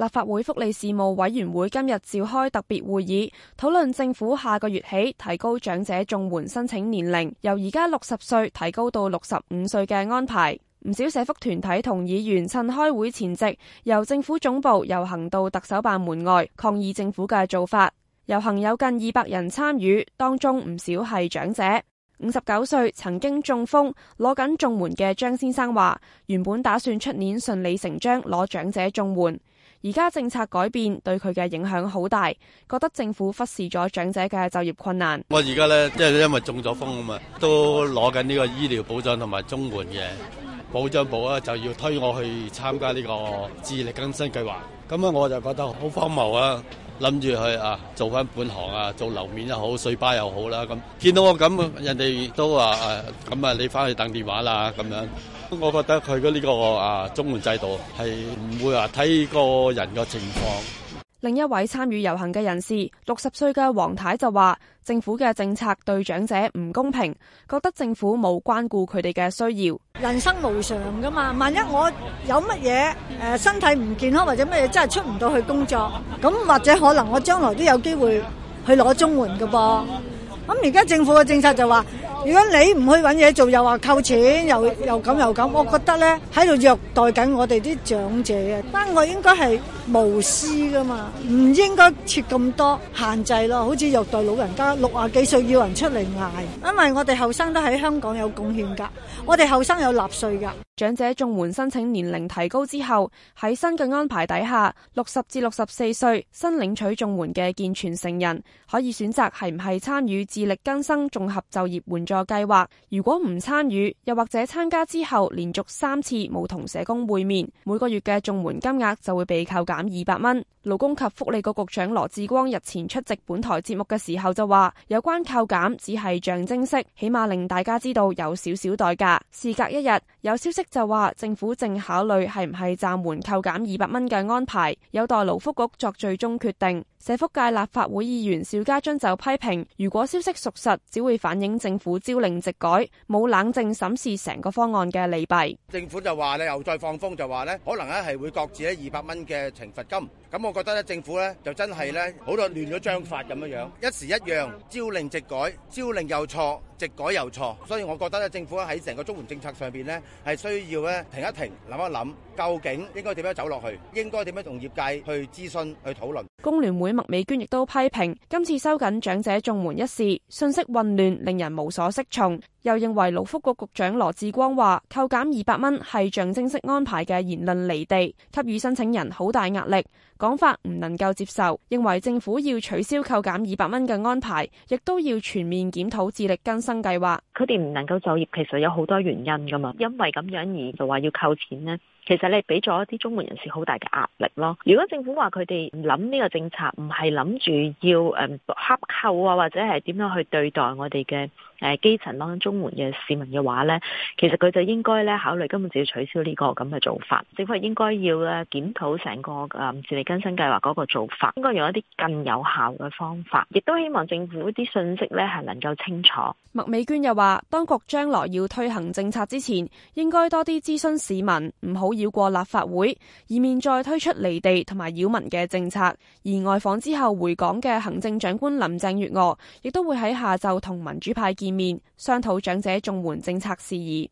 立法會福利事務委員會今日召開特別會議，討論政府下個月起提高長者綜援申請年齡，由而家六十歲提高到六十五歲嘅安排。唔少社福團體同議員趁開會前夕由政府總部遊行到特首辦門外抗議政府嘅做法。遊行有近二百人參與，當中唔少係長者。五十九歲曾經中風攞緊綜援嘅張先生話，原本打算出年順理成章攞長者綜援。而家政策改變對佢嘅影響好大，覺得政府忽視咗長者嘅就業困難。我而家咧，因為因為中咗風啊嘛，都攞緊呢個醫療保障同埋綜援嘅保障部啊，就要推我去參加呢個自力更生計劃。咁啊，我就覺得好荒謬啊！諗住去啊，做翻本行啊，做樓面又好，水吧又好啦。咁見到我咁，人哋都話誒，咁啊，你翻去等電話啦咁樣。我覺得佢嘅呢個啊綜援制度係唔會話睇、啊、個人嘅情況。另一位參與遊行嘅人士 ,60 歲嘅黃太就話，政府嘅政策對長者唔公平，覺得政府冇關顧佢哋嘅需要。人生無常㗎嘛，萬一我有乜嘢，呃，身體唔健康，或者乜嘢真係出唔到去工作，咁或者可能我將來都有機會去攞綜援㗎噃。咁而家政府嘅政策就話，如果你唔去揾嘢做，又話扣錢，又又咁又咁，我覺得咧，喺度虐待緊我哋啲長者啊！但我應該係無私噶嘛，唔應該設咁多限制咯，好似虐待老人家，六啊幾歲要人出嚟捱，因為我哋後生都喺香港有貢獻噶，我哋後生有納稅噶。長者綜援申請年齡提高之後，喺新嘅安排底下，六十至六十四歲新領取綜援嘅健全成人可以選擇係唔係參與自力更生綜合就業援助計劃。如果唔參與，又或者參加之後連續三次冇同社工會面，每個月嘅綜援金額就會被扣減二百蚊。勞工及福利局局長羅致光日前出席本台節目嘅時候就話，有關扣減只係象徵式，起碼令大家知道有少少代價。事隔一日，有消息。就話政府正考慮係唔係暫緩扣減二百蚊嘅安排，有待勞福局作最終決定。社福界立法會議員邵家臻就批評：如果消息屬實，只會反映政府朝令夕改，冇冷靜審視成個方案嘅利弊。政府就話你又再放風就話咧，可能咧係會擱置咧二百蚊嘅懲罰金。咁我覺得咧，政府咧就真係咧好多亂咗章法咁樣樣，一時一樣朝令夕改，朝令又錯，夕改又錯。所以我覺得咧，政府喺成個綜援政策上邊咧，係需要咧停一停，諗一諗。究竟應該點樣走落去？應該點樣同業界去諮詢、去討論？工聯會麥美娟亦都批評今次收緊長者綜援一事，信息混亂，令人無所適從。又認為勞福局局長羅致光話扣減二百蚊係象徵式安排嘅言論離地，給予申請人好大壓力，講法唔能夠接受。認為政府要取消扣減二百蚊嘅安排，亦都要全面檢討自力更生計劃。佢哋唔能夠就業，其實有好多原因噶嘛，因為咁樣而就話要扣錢咧，其實。你俾咗一啲中環人士好大嘅壓力咯。如果政府話佢哋唔諗呢個政策唔係諗住要誒克扣啊，或者係點樣去對待我哋嘅誒基層當中嘅市民嘅話呢，其實佢就應該咧考慮根本就要取消呢個咁嘅做法。政府係應該要咧檢討成個誒自力更生計劃嗰個做法，應該用一啲更有效嘅方法。亦都希望政府啲信息咧係能夠清楚。麥美娟又話，當局將來要推行政策之前，應該多啲諮詢市民，唔好繞過。立法會，以免再推出離地同埋擾民嘅政策。而外訪之後回港嘅行政長官林鄭月娥，亦都會喺下晝同民主派見面，商討長者綜援政策事宜。